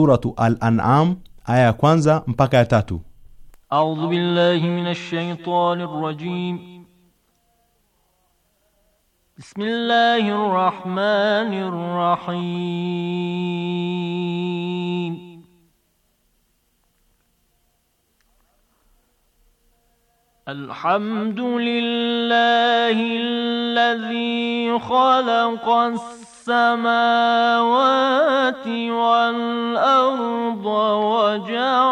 سورة الأنعام آية kwanza mpaka ya tatu. أعوذ بالله من الشيطان الرجيم بسم الله الرحمن الرحيم الحمد لله الذي خلق السماوات والأرض وجعل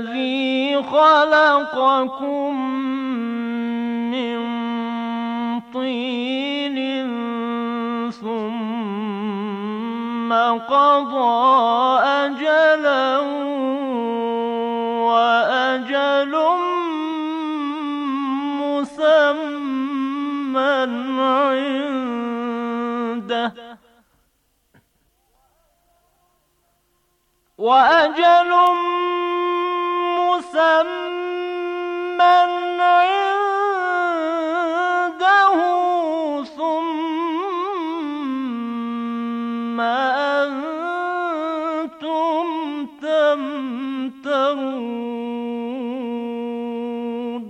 الذي خلقكم من طين ثم قضى أجلا وأجل مسمى عنده وأجل مسمى عنده ثم أنتم تمترون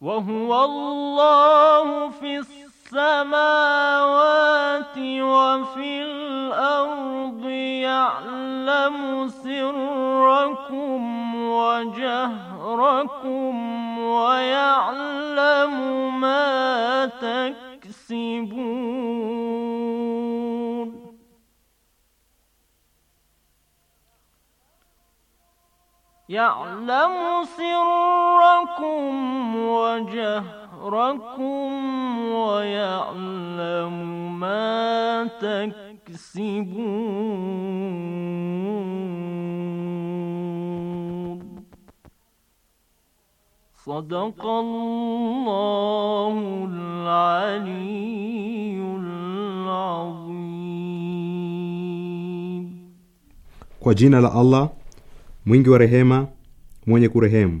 وهو الله في الصلاة السماوات وفي الأرض يعلم سركم وجهركم ويعلم ما تكسبون يعلم سركم وجهركم أجوركم ويعلم ما تكسبون صدق الله العلي العظيم Kwa jina la Allah mwingi wa rehema mwenye kurehemu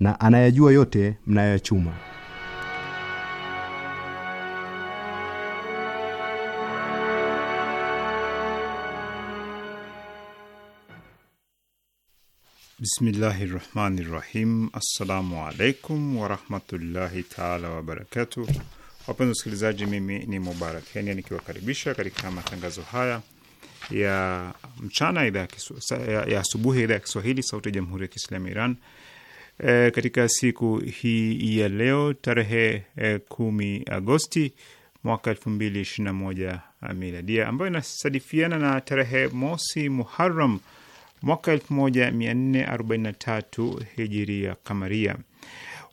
na anayajua yote mnayoyachuma. Bismillahi rahmani rahim. Assalamu alaikum warahmatullahi taala wabarakatu. Wapenzi wasikilizaji, mimi ni Mubarak Kenya nikiwakaribisha katika matangazo haya ya mchana ya asubuhi ya idhaa ya Kiswahili sauti ya jamhuri ya Kiislamu ya Iran e, katika siku hii ya leo tarehe e, kumi Agosti mwaka elfu mbili ishirini na moja miladia ambayo inasadifiana na tarehe mosi Muharram mwaka elfu moja mia nne arobaini na tatu hijiria kamaria.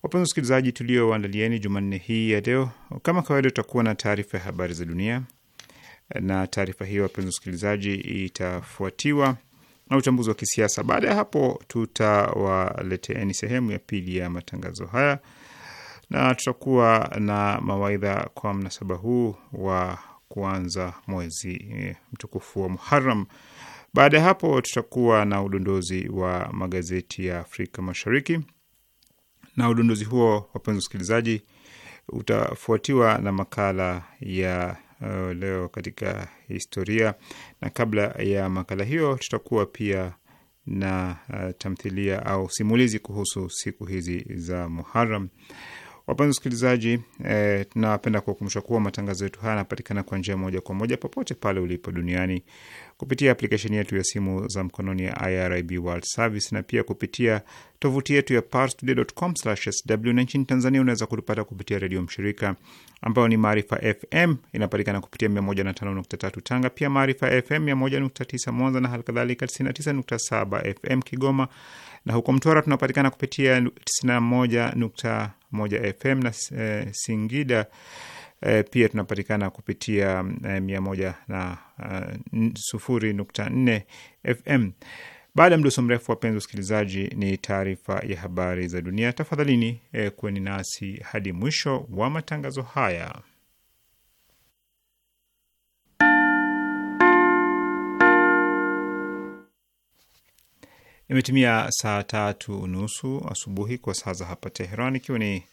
Wapenzi wasikilizaji, tuliowaandalieni Jumanne hii ya leo, kama kawaida, tutakuwa na taarifa ya habari za dunia, na taarifa hiyo wapenzi wasikilizaji, itafuatiwa na uchambuzi wa kisiasa. Baada ya hapo, tutawaleteeni sehemu ya pili ya matangazo haya na tutakuwa na mawaidha kwa mnasaba huu wa kuanza mwezi eh, mtukufu wa Muharram. Baada ya hapo, tutakuwa na udondozi wa magazeti ya Afrika Mashariki, na udondozi huo, wapenzi wasikilizaji, utafuatiwa na makala ya uh, leo katika historia, na kabla ya makala hiyo tutakuwa pia na uh, tamthilia au simulizi kuhusu siku hizi za Muharram. Wapenzi wasikilizaji, eh, tunapenda kuwakumbusha kuwa matangazo yetu haya yanapatikana kwa njia moja kwa moja popote pale ulipo duniani kupitia aplikesheni yetu ya simu za mkononi ya IRIB World Service na pia kupitia tovuti yetu ya parstoday.com/sw. Na nchini Tanzania unaweza kutupata kupitia redio mshirika ambayo ni Maarifa FM, inapatikana kupitia 105.3 Tanga, pia Maarifa FM 101.9 Mwanza na halikadhalika 99.7 FM Kigoma na huko Mtwara tunapatikana kupitia 91.1 FM na e, Singida e, pia tunapatikana kupitia e, mia moja na e, FM. Baada ya mdoso mrefu, wapenzi wasikilizaji, ni taarifa ya habari za dunia. Tafadhalini e, kweni nasi hadi mwisho wa matangazo haya. imetumia saa tatu nusu asubuhi kwa saa za hapa Teheran, ikiwa ni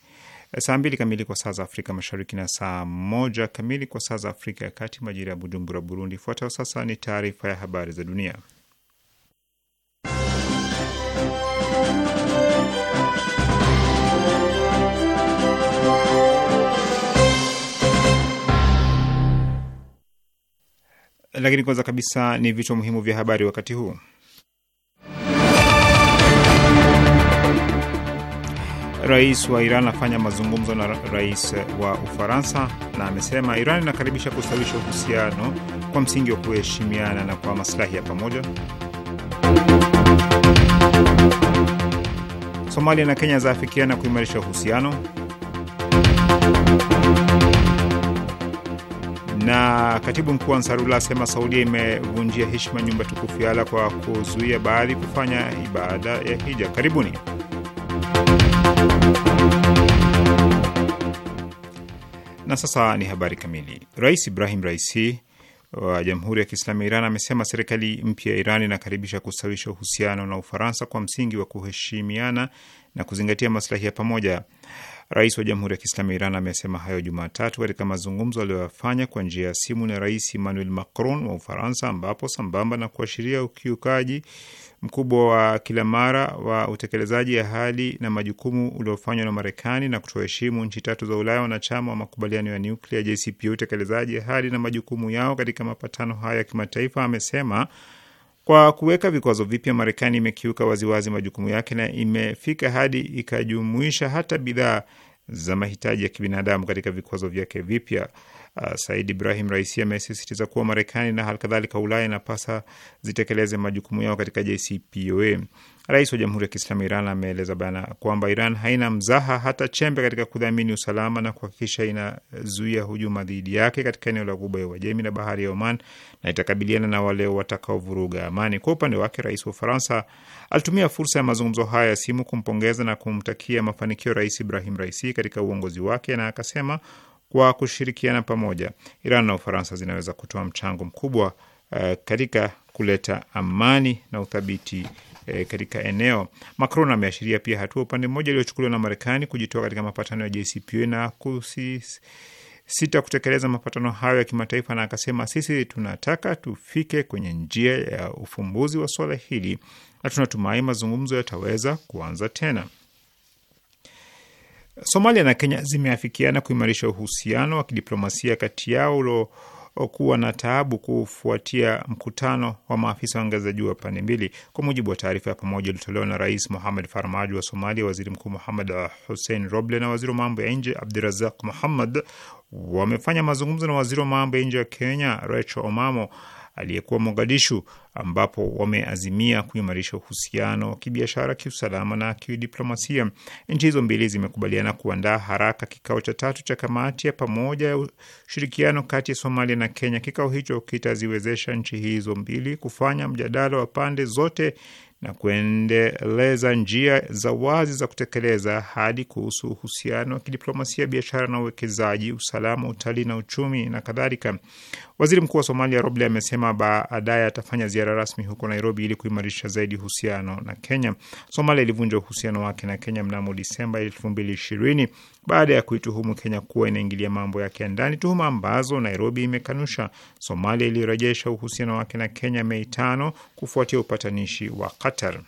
saa mbili kamili kwa saa za Afrika Mashariki na saa moja kamili kwa saa za Afrika ya Kati, majira ya Bujumbura, Burundi. fuatayo sasa ni taarifa ya habari za dunia, lakini kwanza kabisa ni vichwa muhimu vya habari wakati huu. rais wa Iran afanya mazungumzo na rais wa Ufaransa na amesema Iran inakaribisha kustawisha uhusiano kwa msingi wa kuheshimiana na kwa maslahi ya pamoja. Somalia na Kenya zaafikiana kuimarisha uhusiano. Na katibu mkuu Ansarullah asema Saudia imevunjia heshima nyumba tukufu ya kwa kuzuia baadhi kufanya ibada ya hija. Karibuni. Na sasa ni habari kamili. Rais Ibrahim Raisi wa Jamhuri ya Kiislamu ya Iran amesema serikali mpya ya Iran inakaribisha kustawisha uhusiano na Ufaransa kwa msingi wa kuheshimiana na kuzingatia maslahi ya pamoja. Rais wa Jamhuri ya Kiislamu ya Iran amesema hayo Jumatatu katika mazungumzo aliyoyafanya kwa njia ya simu na Rais Emmanuel Macron wa Ufaransa, ambapo sambamba na kuashiria ukiukaji mkubwa wa kila mara wa utekelezaji ahadi na majukumu uliofanywa na Marekani na kutoheshimu nchi tatu za Ulaya wanachama wa makubaliano ya nuklia JCPOA utekelezaji ahadi na majukumu yao katika mapatano hayo ya kimataifa, amesema kwa kuweka vikwazo vipya, Marekani imekiuka waziwazi majukumu yake na imefika hadi ikajumuisha hata bidhaa za mahitaji ya kibinadamu katika vikwazo vyake vipya uh, Said Ibrahim Raisi amesisitiza kuwa Marekani na halikadhalika Ulaya inapasa zitekeleze majukumu yao katika JCPOA. Rais wa Jamhuri ya Kiislamu Iran ameeleza bana kwamba Iran haina mzaha hata chembe katika kudhamini usalama na kuhakikisha inazuia hujuma dhidi yake katika eneo la Ghuba ya Uajemi na bahari ya Oman, na itakabiliana na wale watakaovuruga amani. Kwa upande wake, rais wa Ufaransa alitumia fursa ya mazungumzo haya ya simu kumpongeza na kumtakia mafanikio Rais Ibrahim Raisi katika uongozi wake, na akasema kwa kushirikiana pamoja, Iran na Ufaransa zinaweza kutoa mchango mkubwa uh, katika kuleta amani na uthabiti E, katika eneo. Macron ameashiria pia hatua upande mmoja iliyochukuliwa na Marekani kujitoa katika mapatano ya JCPOA na kusisita kutekeleza mapatano hayo ya kimataifa, na akasema sisi tunataka tufike kwenye njia ya ufumbuzi wa suala hili na tunatumai mazungumzo yataweza kuanza tena. Somalia na Kenya zimeafikiana kuimarisha uhusiano wa kidiplomasia kati yao uliokuwa na taabu kufuatia mkutano wa maafisa wa ngazi za juu wa pande mbili. Kwa mujibu wa taarifa ya pamoja iliyotolewa na Rais Mohamed Farmaajo wa Somalia, Waziri Mkuu Mohamed Hussein Roble na waziri wa mambo ya nje Abdurazak Mohammad wamefanya mazungumzo na waziri wa mambo ya nje wa Kenya Rachel Omamo aliyekuwa Mogadishu, ambapo wameazimia kuimarisha uhusiano wa kibiashara, kiusalama na kidiplomasia. Nchi hizo mbili zimekubaliana kuandaa haraka kikao cha tatu cha kamati ya pamoja ya ushirikiano kati ya Somalia na Kenya. Kikao hicho kitaziwezesha nchi hizo mbili kufanya mjadala wa pande zote na kuendeleza njia za wazi za kutekeleza hadi kuhusu uhusiano wa kidiplomasia, biashara na uwekezaji, usalama, utalii na uchumi na kadhalika. Waziri Mkuu wa Somalia Roble amesema baadaye atafanya ziara rasmi huko Nairobi ili kuimarisha zaidi uhusiano na Kenya. Somalia ilivunja uhusiano wake na Kenya mnamo Disemba elfu mbili ishirini baada ya kuituhumu Kenya kuwa inaingilia mambo yake ya ndani, tuhuma ambazo Nairobi imekanusha. Somalia ilirejesha uhusiano wake na Kenya Mei tano kufuatia upatanishi wa Qatar.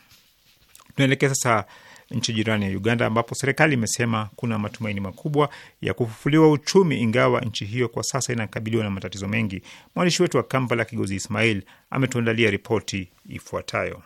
Tunaelekea sasa nchi jirani ya Uganda ambapo serikali imesema kuna matumaini makubwa ya kufufuliwa uchumi, ingawa nchi hiyo kwa sasa inakabiliwa na matatizo mengi. Mwandishi wetu wa Kampala, Kigozi Ismail, ametuandalia ripoti ifuatayo.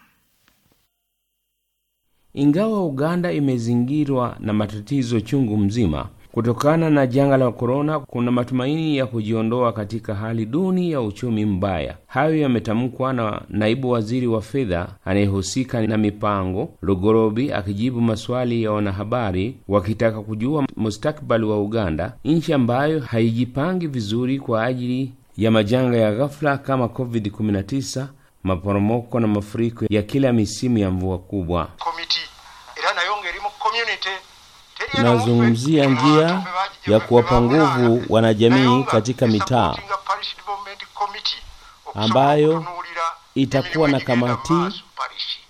Ingawa Uganda imezingirwa na matatizo chungu mzima kutokana na janga la korona, kuna matumaini ya kujiondoa katika hali duni ya uchumi mbaya. Hayo yametamkwa na naibu waziri wa fedha anayehusika na mipango Rugorobi akijibu maswali ya wanahabari wakitaka kujua mustakbali wa Uganda, nchi ambayo haijipangi vizuri kwa ajili ya majanga ya ghafla kama COVID-19 maporomoko na mafuriko ya kila misimu ya mvua kubwa. Tunazungumzia njia ya kuwapa nguvu wanajamii katika mitaa ambayo itakuwa na kamati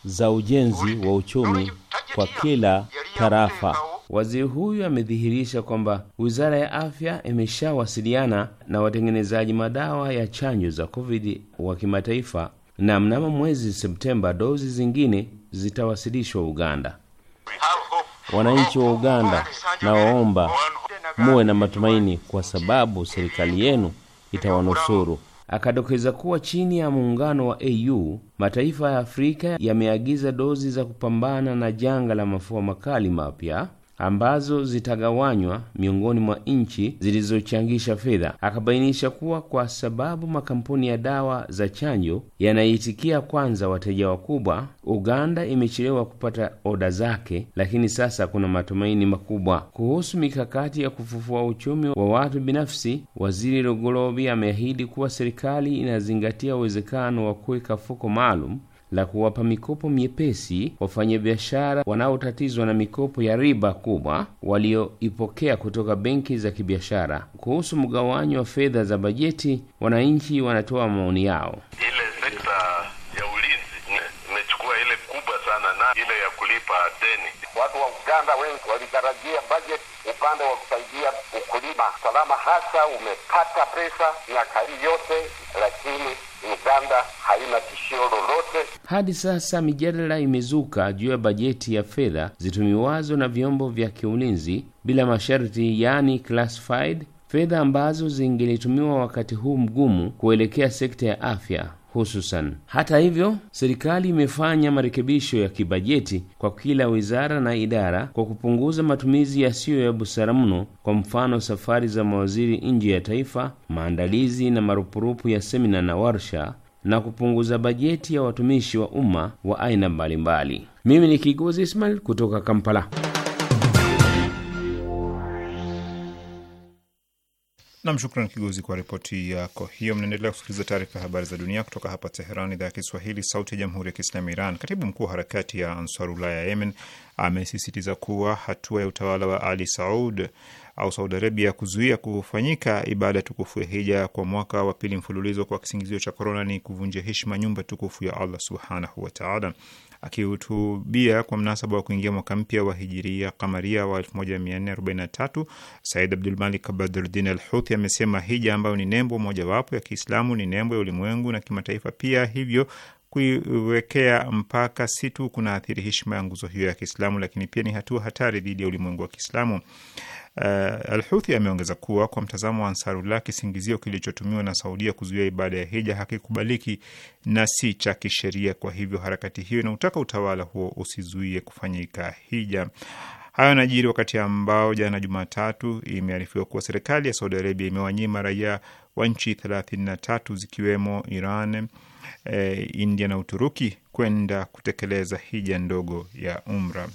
za ujenzi wa uchumi kwa kila tarafa. Waziri huyu amedhihirisha kwamba wizara ya afya imeshawasiliana na watengenezaji madawa ya chanjo za COVID wa kimataifa na mnamo mwezi Septemba dozi zingine zitawasilishwa Uganda. Wananchi wa Uganda, nawaomba muwe na matumaini kwa sababu serikali yenu itawanusuru. Akadokeza kuwa chini ya muungano wa AU mataifa ya Afrika yameagiza dozi za kupambana na janga la mafua makali mapya ambazo zitagawanywa miongoni mwa nchi zilizochangisha fedha. Akabainisha kuwa kwa sababu makampuni ya dawa za chanjo yanaitikia kwanza wateja wakubwa, Uganda imechelewa kupata oda zake, lakini sasa kuna matumaini makubwa kuhusu mikakati ya kufufua uchumi wa watu binafsi. Waziri Rogolobi ameahidi kuwa serikali inazingatia uwezekano wa kuweka fuko maalum la kuwapa mikopo myepesi wafanyabiashara wanaotatizwa na mikopo ya riba kubwa walioipokea kutoka benki za kibiashara. Kuhusu mgawanyo wa fedha za bajeti, wananchi wanatoa maoni yao. Ile sekta ya ulinzi imechukua ile kubwa sana, na ile ya kulipa deni watu wa Uganda wengi walitarajia bajeti upande wa kusaidia ukulima. salama hasa umepata pesa miaka hii yote, lakini Uganda haina tishio lolote. Hadi sasa mijadala imezuka juu ya bajeti ya fedha zitumiwazo na vyombo vya kiulinzi bila masharti, yani classified, fedha ambazo zingelitumiwa wakati huu mgumu kuelekea sekta ya afya hususan. Hata hivyo, serikali imefanya marekebisho ya kibajeti kwa kila wizara na idara kwa kupunguza matumizi yasiyo ya busara mno, kwa mfano safari za mawaziri nje ya taifa, maandalizi na marupurupu ya semina na warsha na kupunguza bajeti ya watumishi wa umma wa aina mbalimbali. Mimi ni Kigozi Ismail kutoka Kampala. Nam, shukran Kigozi kwa ripoti yako hiyo. Mnaendelea kusikiliza taarifa ya habari za dunia kutoka hapa Teheran, idhaa ya Kiswahili, sauti ya jamhuri ya kiislamu Iran. Katibu mkuu wa harakati ya Ansarullah ya Yemen amesisitiza kuwa hatua ya utawala wa Ali Saud au Saudi Arabia kuzuia kufanyika ibada tukufu ya hija kwa mwaka wa pili mfululizo kwa kisingizio cha korona ni kuvunja heshima nyumba tukufu ya Allah subhanahu wataala. Akihutubia kwa mnasaba wa kuingia mwaka mpya wa hijiria kamaria wa 1443 Said Abdulmalik Badruddin al Huthi amesema hija ambayo ni nembo mojawapo ya Kiislamu ni nembo ya ulimwengu na kimataifa pia, hivyo Kuiwekea mpaka si tu athiri heshima ya nguzo hiyo ya Kiislamu, lakini pia ni hatua hatari dhidi ya ulimwengu wa Kiislamu. Uh, Alhuthi ameongeza kuwa kwa mtazamo wa Ansarullah, kisingizio kilichotumiwa na Saudia kuzuia ibada ya hija hakikubaliki na si cha kisheria. Kwa hivyo harakati hiyo inautaka utawala huo usizuie kufanyika hija. Hayo najiri wakati ambao jana Jumatatu imearifiwa kuwa serikali ya Saudi Arabia imewanyima raia wa nchi 33 zikiwemo Iran eh, India na Uturuki kwenda kutekeleza hija ndogo ya umra.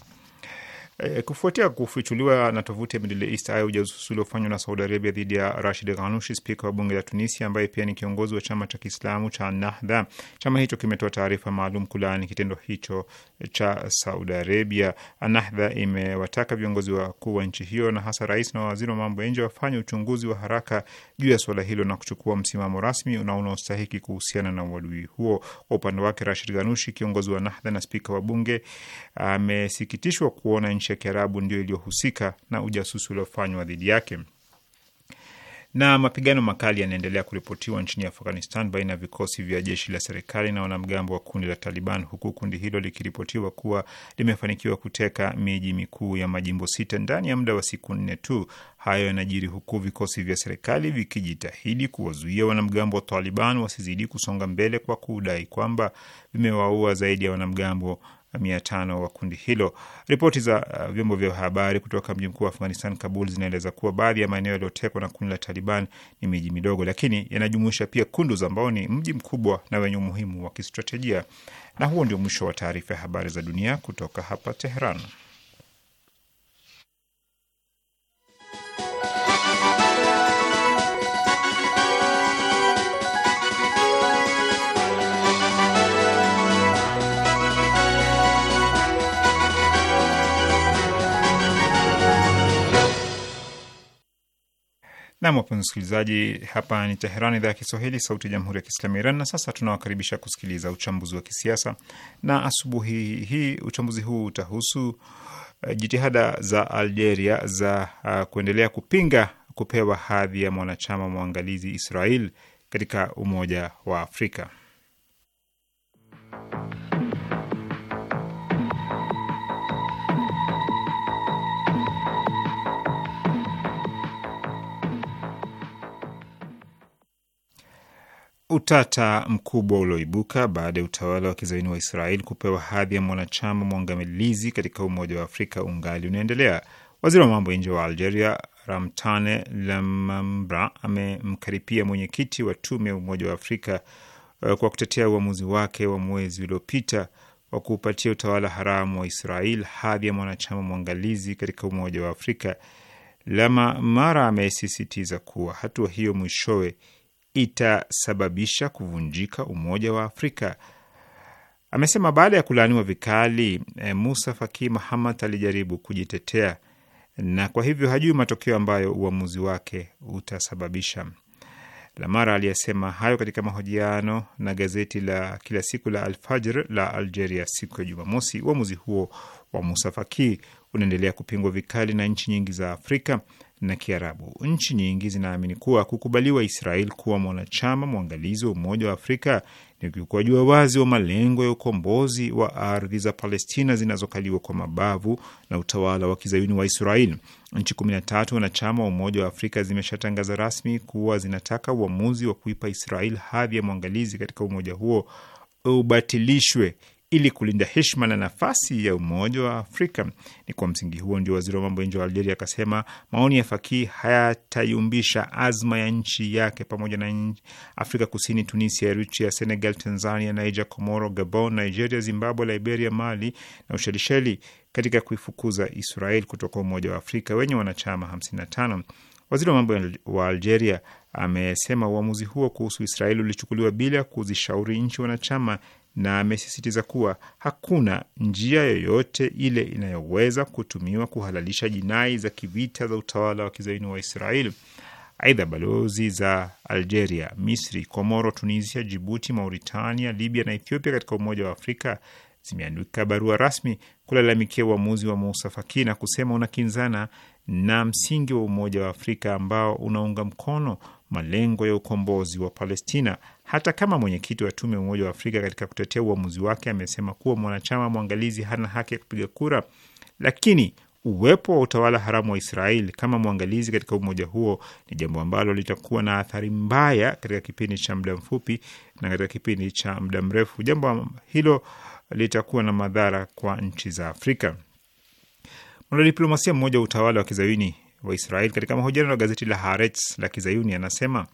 E, kufuatia kufichuliwa na tovuti ya Middle East Eye ujasusi uliofanywa na Saudi Arabia dhidi ya Rashid Ghanushi, spika wa bunge la Tunisia ambaye pia ni kiongozi wa chama cha Kiislamu cha Nahdha, chama hicho kimetoa taarifa maalum kulaani kitendo hicho cha Saudi Arabia. Nahdha imewataka viongozi wakuu wa nchi hiyo na hasa rais na waziri wa mambo ya nje wafanye uchunguzi wa haraka juu ya suala hilo na kuchukua msimamo rasmi na unaostahiki kuhusiana na uadui huo. Kwa upande wake, Rashid Ghanushi, kiongozi wa Nahdha na spika wa bunge, amesikitishwa kuona nchi ya Kiarabu ndio iliyohusika na ujasusi uliofanywa dhidi yake. Na mapigano makali yanaendelea kuripotiwa nchini Afghanistan baina ya vikosi vya jeshi la serikali na wanamgambo wa kundi la Taliban, huku kundi hilo likiripotiwa kuwa limefanikiwa kuteka miji mikuu ya majimbo sita ndani ya muda wa siku nne tu. Hayo yanajiri huku vikosi vya serikali vikijitahidi kuwazuia wanamgambo wa Taliban wasizidi kusonga mbele kwa kudai kwamba vimewaua zaidi ya wanamgambo mia tano wa kundi hilo. Ripoti za uh, vyombo vya habari kutoka mji mkuu wa Afghanistan, Kabul, zinaeleza kuwa baadhi ya maeneo yaliyotekwa na kundi la Taliban ni miji midogo, lakini yanajumuisha pia Kunduz ambao ni mji mkubwa na wenye umuhimu wa kistratejia. Na huo ndio mwisho wa taarifa ya habari za dunia kutoka hapa Tehran. Nam, wapenzi msikilizaji, hapa ni Teheran, idhaa ya Kiswahili, sauti ya jamhuri ya kiislamu ya Iran. Na sasa tunawakaribisha kusikiliza uchambuzi wa kisiasa, na asubuhi hii uchambuzi huu utahusu uh, jitihada za Algeria za uh, kuendelea kupinga kupewa hadhi ya mwanachama mwangalizi Israel katika Umoja wa Afrika. utata mkubwa ulioibuka baada ya utawala wa kizaini wa Israel kupewa hadhi ya mwanachama mwangamilizi katika Umoja wa Afrika ungali unaendelea. Waziri wa mambo ya nje wa Algeria Ramtane Lamamra amemkaripia mwenyekiti wa tume ya Umoja wa Afrika uh, kwa kutetea uamuzi wake wa mwezi uliopita wa kuupatia utawala haramu wa Israel hadhi ya mwanachama mwangalizi katika Umoja wa Afrika. Lamamara amesisitiza kuwa hatua hiyo mwishowe itasababisha kuvunjika umoja wa Afrika. Amesema baada ya kulaaniwa vikali, eh, Musa Faki mahamad alijaribu kujitetea na kwa hivyo hajui matokeo ambayo uamuzi wake utasababisha. Lamara aliyesema hayo katika mahojiano na gazeti la kila siku la Alfajr la Algeria siku ya Jumamosi. Uamuzi huo wa Musa Faki unaendelea kupingwa vikali na nchi nyingi za Afrika na Kiarabu. Nchi nyingi zinaamini kuwa kukubaliwa Israel kuwa mwanachama mwangalizi wa Umoja wa Afrika ni ukiukwaji wa wazi wa malengo ya ukombozi wa ardhi za Palestina zinazokaliwa kwa mabavu na utawala wa kizayuni wa Israel. Nchi kumi na tatu wanachama wa Umoja wa Afrika zimeshatangaza rasmi kuwa zinataka uamuzi wa kuipa Israel hadhi ya mwangalizi katika umoja huo ubatilishwe ili kulinda heshima na nafasi ya Umoja wa Afrika. Ni kwa msingi huo ndio waziri wa mambo ya nje wa Algeria akasema maoni ya Fakii hayatayumbisha azma ya nchi yake pamoja na Afrika Kusini, Tunisia, Eritrea, Senegal, Tanzania, Niger, Komoro, Gabon, Nigeria, Zimbabwe, Liberia, Mali na Ushelisheli katika kuifukuza Israel kutoka Umoja wa Afrika wenye wanachama 55. Waziri wa mambo wa Algeria amesema uamuzi huo kuhusu Israeli ulichukuliwa bila kuzishauri nchi wanachama na amesisitiza kuwa hakuna njia yoyote ile inayoweza kutumiwa kuhalalisha jinai za kivita za utawala wa kizaini wa Israel. Aidha, balozi za Algeria, Misri, Komoro, Tunisia, Jibuti, Mauritania, Libya na Ethiopia katika Umoja wa Afrika zimeandika barua rasmi kulalamikia uamuzi wa Musa Faki na kusema unakinzana na msingi wa Umoja wa Afrika ambao unaunga mkono malengo ya ukombozi wa Palestina. Hata kama mwenyekiti wa tume ya Umoja wa Afrika katika kutetea uamuzi wake amesema kuwa mwanachama mwangalizi hana haki ya kupiga kura, lakini uwepo wa utawala haramu wa Israeli kama mwangalizi katika umoja huo ni jambo ambalo litakuwa na athari mbaya katika kipindi cha muda mfupi na katika kipindi cha muda mrefu. Jambo hilo litakuwa na madhara kwa nchi za Afrika. Mwanadiplomasia mmoja wa utawala wa kizawini wa Israel katika mahojiano na gazeti la Haaretz la kizayuni anasema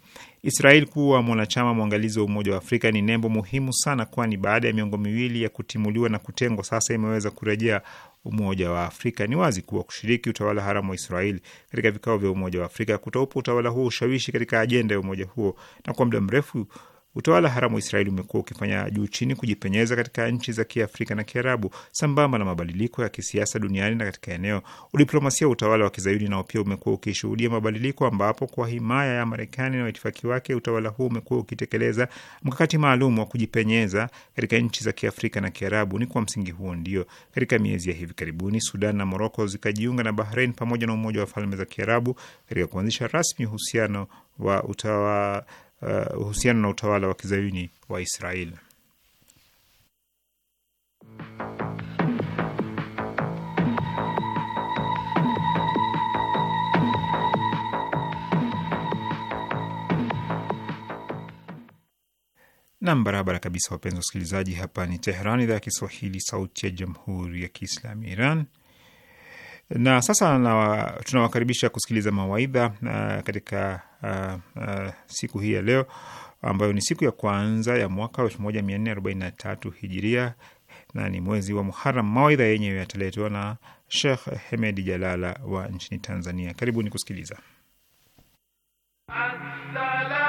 Israel kuwa mwanachama mwangalizi wa Umoja wa Afrika ni nembo muhimu sana, kwani baada ya miongo miwili ya kutimuliwa na kutengwa, sasa imeweza kurejea Umoja wa Afrika. Ni wazi kuwa kushiriki utawala haramu wa Israel katika vikao vya Umoja wa Afrika kutaupa utawala huo ushawishi katika ajenda ya umoja huo, na kwa muda mrefu Utawala haramu wa Israeli umekuwa ukifanya juu chini kujipenyeza katika nchi za Kiafrika na Kiarabu. Sambamba na mabadiliko ya kisiasa duniani na katika eneo, udiplomasia wa utawala wa kizayuni nao pia umekuwa ukishuhudia mabadiliko, ambapo kwa himaya ya Marekani na waitifaki wake utawala huu umekuwa ukitekeleza mkakati maalum wa kujipenyeza katika nchi za Kiafrika na Kiarabu. Ni kwa msingi huo ndio katika miezi ya hivi karibuni Sudan na Moroko zikajiunga na Bahrain pamoja na Umoja wa Falme za Kiarabu katika kuanzisha rasmi uhusiano wa utawa Uh, uhusiano na utawala wa kizayuni wa Israeli. Nam, barabara kabisa, wapenzi wasikilizaji, hapa ni Teheran, idhaa ya Kiswahili, sauti ya jamhuri ya kiislamu ya Iran. Na sasa na, tunawakaribisha kusikiliza mawaidha uh, katika uh, uh, siku hii ya leo ambayo ni siku ya kwanza ya mwaka 1443 hijiria na ni mwezi wa Muharam. Mawaidha yenyewe yataletwa na Sheikh Hemedi Jalala wa nchini Tanzania. Karibuni kusikiliza Asala.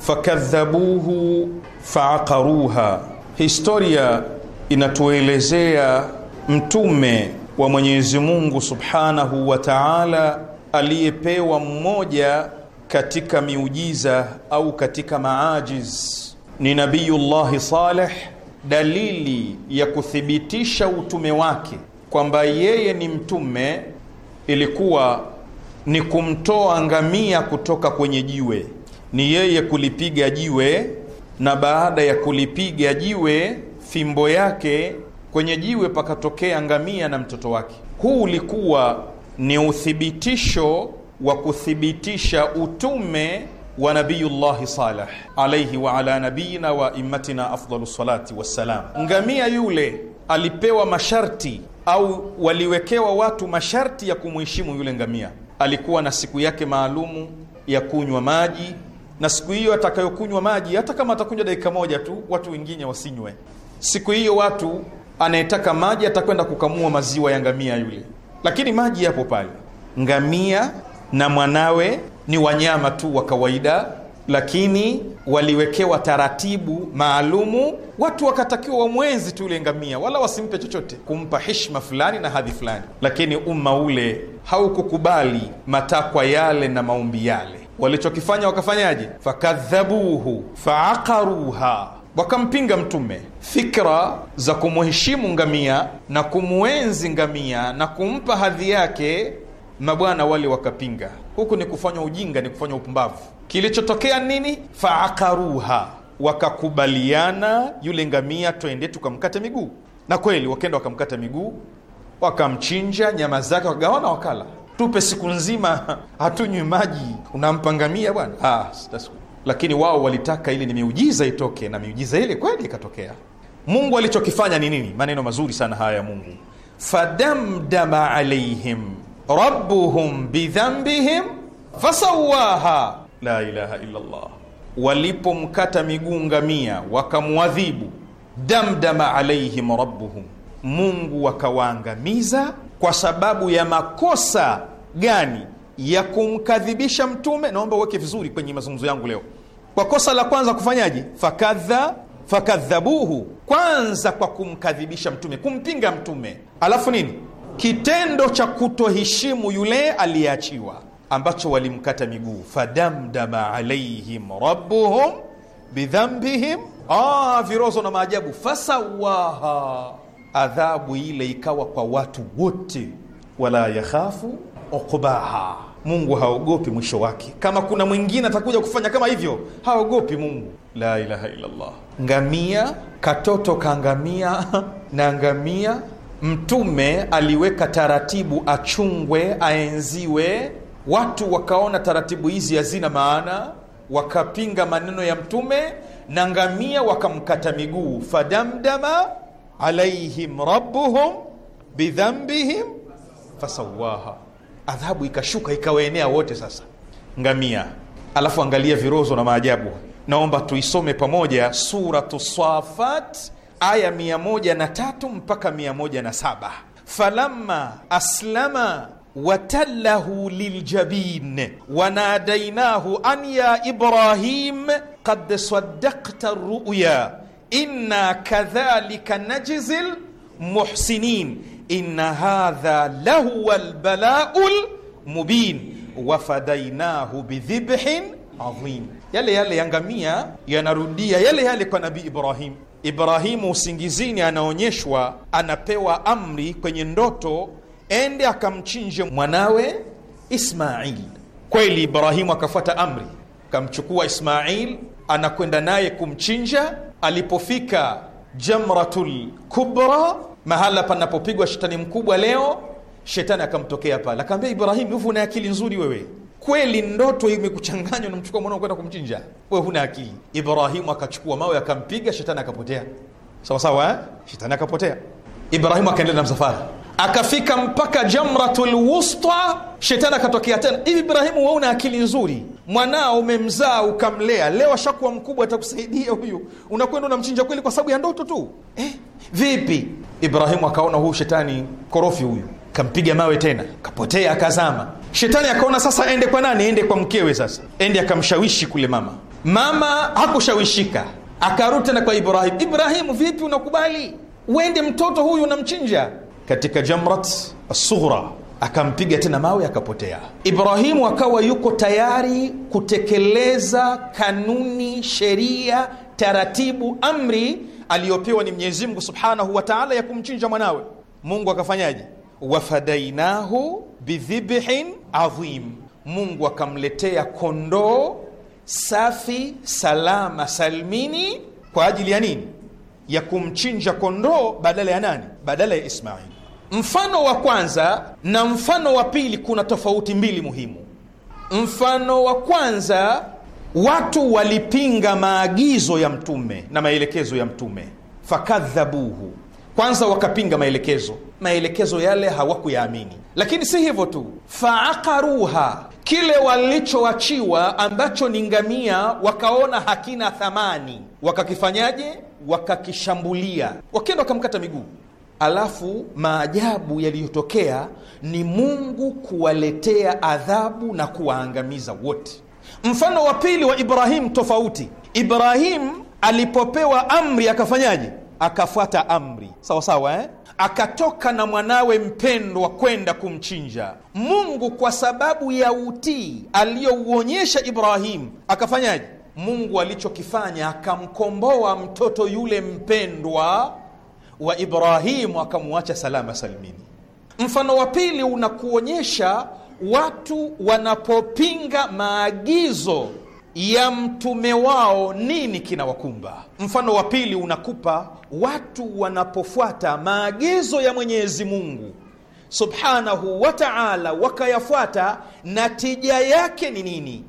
fakadhabuhu faakaruha Historia inatuelezea mtume wa Mwenyezi Mungu Subhanahu wa Ta'ala aliyepewa mmoja katika miujiza au katika maajiz ni Nabiyullahi Saleh. Dalili ya kuthibitisha utume wake kwamba yeye ni mtume ilikuwa ni kumtoa ngamia kutoka kwenye jiwe ni yeye kulipiga jiwe na baada ya kulipiga jiwe fimbo yake kwenye jiwe pakatokea ngamia na mtoto wake. Huu ulikuwa ni uthibitisho wa kuthibitisha utume wa Nabiyullahi Saleh alaihi wa ala nabiyina wa immatina afdalu salati wassalam. Ngamia yule alipewa masharti au waliwekewa watu masharti ya kumuheshimu yule ngamia. Alikuwa na siku yake maalumu ya kunywa maji na siku hiyo atakayokunywa maji, hata kama atakunywa dakika moja tu, watu wengine wasinywe siku hiyo. Watu anayetaka maji atakwenda kukamua maziwa ya ngamia yule, lakini maji yapo pale. Ngamia na mwanawe ni wanyama tu wa kawaida, lakini waliwekewa taratibu maalumu. Watu wakatakiwa wamwenzi tu ule ngamia, wala wasimpe chochote, kumpa heshima fulani na hadhi fulani, lakini umma ule haukukubali matakwa yale na maombi yale walichokifanya wakafanyaje? Fakadhabuhu faaqaruha, wakampinga Mtume. Fikra za kumuheshimu ngamia na kumuenzi ngamia na kumpa hadhi yake, mabwana wale wakapinga. Huku ni kufanywa ujinga, ni kufanywa upumbavu. Kilichotokea nini? Faaqaruha, wakakubaliana yule ngamia, twende tukamkate miguu. Na kweli wakenda wakamkata miguu, wakamchinja, nyama zake wakagawana, wakala tupe siku nzima hatunywi maji, unampangamia bwana? Ah, lakini wao walitaka ili ni miujiza itoke, na miujiza ile kweli ikatokea. Mungu alichokifanya ni nini? Maneno mazuri sana haya ya Mungu, fadamdama alaihim rabbuhum bidhambihim fasawaha la ilaha illallah. Walipomkata miguu ngamia wakamwadhibu, damdama alaihim rabbuhum, Mungu wakawaangamiza kwa sababu ya makosa gani ya kumkadhibisha Mtume? Naomba uweke vizuri kwenye mazungumzo yangu leo. Kwa kosa la kwanza kufanyaje? fakadha fakadhabuhu, kwanza kwa kumkadhibisha Mtume, kumpinga Mtume. Alafu nini? Kitendo cha kutoheshimu yule aliyeachiwa ambacho walimkata miguu. fadamdama alaihim rabbuhum bidhambihim, ah, virozo na maajabu. fasawaha adhabu ile ikawa kwa watu wote, wala yakhafu ukubaha, Mungu haogopi mwisho wake. Kama kuna mwingine atakuja kufanya kama hivyo, haogopi Mungu. La ilaha illallah. Ngamia, katoto kangamia na ngamia. Mtume aliweka taratibu, achungwe, aenziwe. Watu wakaona taratibu hizi hazina maana, wakapinga maneno ya Mtume na ngamia wakamkata miguu, fadamdama alaihim rabbuhum bidhambihim fasawaha, adhabu ikashuka ikawaenea wote. Sasa ngamia, alafu angalia virozo na maajabu. Naomba tuisome pamoja Suratu safat aya mia moja na tatu mpaka mia moja na saba falamma aslama watallahu liljabin wanadainahu an ya Ibrahim kad sadakta ruya inna kadhalika najzil muhsinin inna hadha lahuwa lbalaul lmubin wafadainahu bidhibhin adhim. Yale yale ya ngamia yanarudia yale yale kwa Nabii Ibrahim. Ibrahimu usingizini, anaonyeshwa anapewa amri kwenye ndoto, ende akamchinje mwanawe Ismail. Kweli Ibrahimu akafuata amri, akamchukua Ismail, anakwenda naye kumchinja alipofika Jamratul Kubra, mahala panapopigwa shetani mkubwa leo, shetani akamtokea pale, akaambia Ibrahimu, wewe una akili nzuri wewe kweli ndoto imekuchanganywa, namchukua mwanao kwenda kumchinja, wewe huna akili. Ibrahimu akachukua mawe akampiga, shetani akapotea. Sawa sawa, eh? Shetani akapotea, Ibrahimu akaendelea na msafara akafika mpaka jamratu lwusta shetani akatokea tena. Hivi Ibrahimu, wewe una akili nzuri, mwanao umemzaa ukamlea, leo ashakuwa mkubwa, atakusaidia huyu, unakwenda unamchinja kweli kwa sababu ya ndoto tu eh? Vipi? Ibrahimu akaona huyu shetani korofi huyu, kampiga mawe tena, kapotea, akazama. Shetani akaona sasa ende kwa nani? Ende kwa mkewe. Sasa ende akamshawishi kule mama. Mama hakushawishika, akarudi tena kwa Ibrahimu. Ibrahimu, vipi, unakubali uende mtoto huyu unamchinja? katika Jamrat Sughra akampiga tena mawe akapotea. Ibrahimu akawa yuko tayari kutekeleza kanuni, sheria, taratibu, amri aliyopewa ni Mwenyezi Mungu subhanahu wa taala ya kumchinja mwanawe. Mungu akafanyaje? wafadainahu bidhibhin adhim, Mungu akamletea kondoo safi salama salmini. Kwa ajili ya nini? Ya kumchinja kondoo badala ya nani? Badala ya ismail Mfano wa kwanza na mfano wa pili kuna tofauti mbili muhimu. Mfano wa kwanza, watu walipinga maagizo ya Mtume na maelekezo ya Mtume, fakadhabuhu, kwanza wakapinga maelekezo, maelekezo yale hawakuyaamini. Lakini si hivyo tu, faakaruha, kile walichoachiwa ambacho ni ngamia, wakaona hakina thamani, wakakifanyaje? Wakakishambulia, wakenda wakamkata miguu alafu maajabu yaliyotokea ni Mungu kuwaletea adhabu na kuwaangamiza wote. Mfano wa pili wa Ibrahim tofauti. Ibrahim alipopewa amri akafanyaje? Akafuata amri sawa eh? Akatoka na mwanawe mpendwa kwenda kumchinja. Mungu kwa sababu ya utii aliyouonyesha Ibrahimu akafanyaje? Mungu alichokifanya akamkomboa mtoto yule mpendwa wa Ibrahimu akamwacha salama salmini. Mfano wa pili unakuonyesha watu wanapopinga maagizo ya mtume wao nini kinawakumba. Mfano wa pili unakupa watu wanapofuata maagizo ya Mwenyezi Mungu subhanahu wa taala, wakayafuata, natija yake ni nini?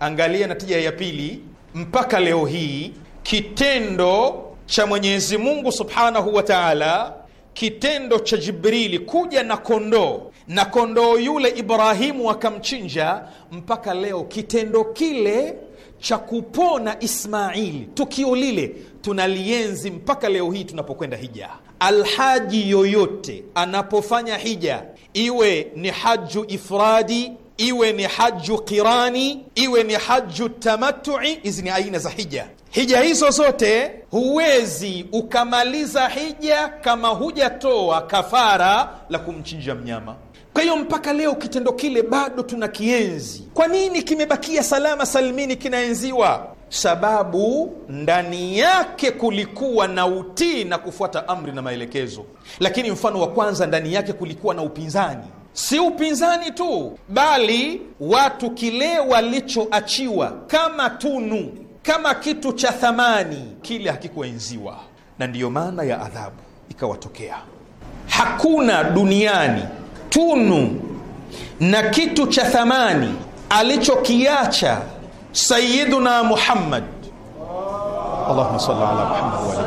Angalia natija ya pili mpaka leo hii, kitendo cha Mwenyezi Mungu subhanahu wa taala, kitendo cha Jibrili kuja na kondoo na kondoo yule Ibrahimu akamchinja, mpaka leo kitendo kile cha kupona Ismaili, tukio lile tunalienzi mpaka leo hii tunapokwenda hija. Alhaji yoyote anapofanya hija, iwe ni haju ifradi, iwe ni haju qirani, iwe ni haju tamatui, hizi ni aina za hija. Hija hizo zote huwezi ukamaliza hija kama hujatoa kafara la kumchinja mnyama. Kwa hiyo mpaka leo kitendo kile bado tuna kienzi Kwa nini kimebakia salama salimini kinaenziwa? Sababu ndani yake kulikuwa na utii na kufuata amri na maelekezo, lakini mfano wa kwanza, ndani yake kulikuwa na upinzani. Si upinzani tu, bali watu kile walichoachiwa kama tunu kama kitu cha thamani, kile hakikuenziwa, na ndiyo maana ya adhabu ikawatokea. Hakuna duniani tunu na kitu cha thamani alichokiacha Sayiduna Muhammad, Allahumma salli ala Muhammad wa Muhammad,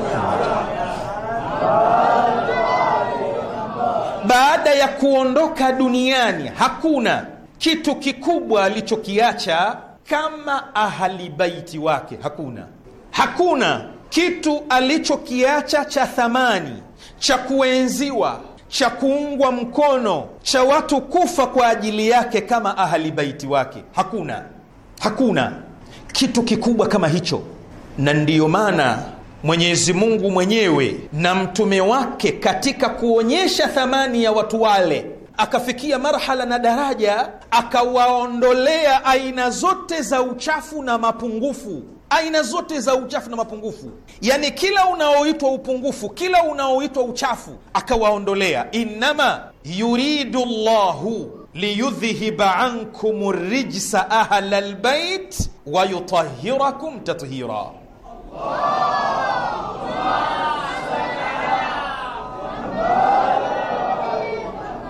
baada ya kuondoka duniani hakuna kitu kikubwa alichokiacha kama ahali baiti wake. Hakuna, hakuna kitu alichokiacha cha thamani, cha kuenziwa, cha kuungwa mkono, cha watu kufa kwa ajili yake kama ahali baiti wake. Hakuna, hakuna kitu kikubwa kama hicho, na ndiyo maana Mwenyezi Mungu mwenyewe na mtume wake katika kuonyesha thamani ya watu wale akafikia marhala na daraja akawaondolea aina zote za uchafu na mapungufu aina zote za uchafu na mapungufu, yani kila unaoitwa upungufu, kila unaoitwa uchafu akawaondolea. Innama yuridu llahu liyudhhiba ankum rijsa ahla lbait wayutahirakum tathira Allah.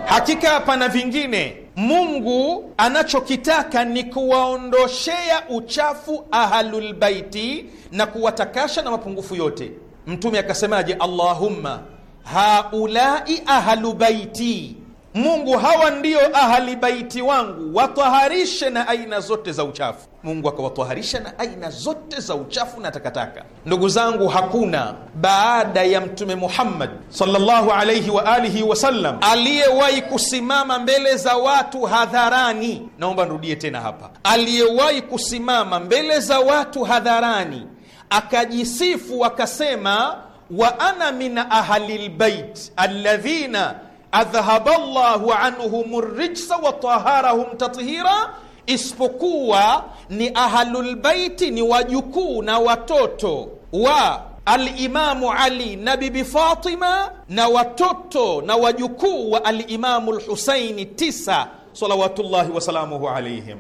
Hakika pana vingine Mungu anachokitaka ni kuwaondoshea uchafu ahlulbaiti na kuwatakasha na mapungufu yote. Mtume akasemaje? Allahumma haulai ahlu baiti Mungu, hawa ndio ahali baiti wangu, wataharishe na aina zote za uchafu. Mungu akawataharisha na aina zote za uchafu na takataka. Ndugu zangu, hakuna baada ya Mtume Muhammad sallallahu alaihi wa alihi wasallam aliyewahi kusimama mbele za watu hadharani. Naomba nirudie tena hapa, aliyewahi kusimama mbele za watu hadharani akajisifu akasema, wa ana min ahli lbait alladhina adhhaba Allahu anhum rijsa wa taharahum tathira, isipokuwa ni ahlulbaiti ni wajukuu na watoto wa Alimamu Ali na Bibi Fatima na watoto na wajukuu wa Alimamu Lhusaini tisa salawatullahi wasalamuhu alaihim.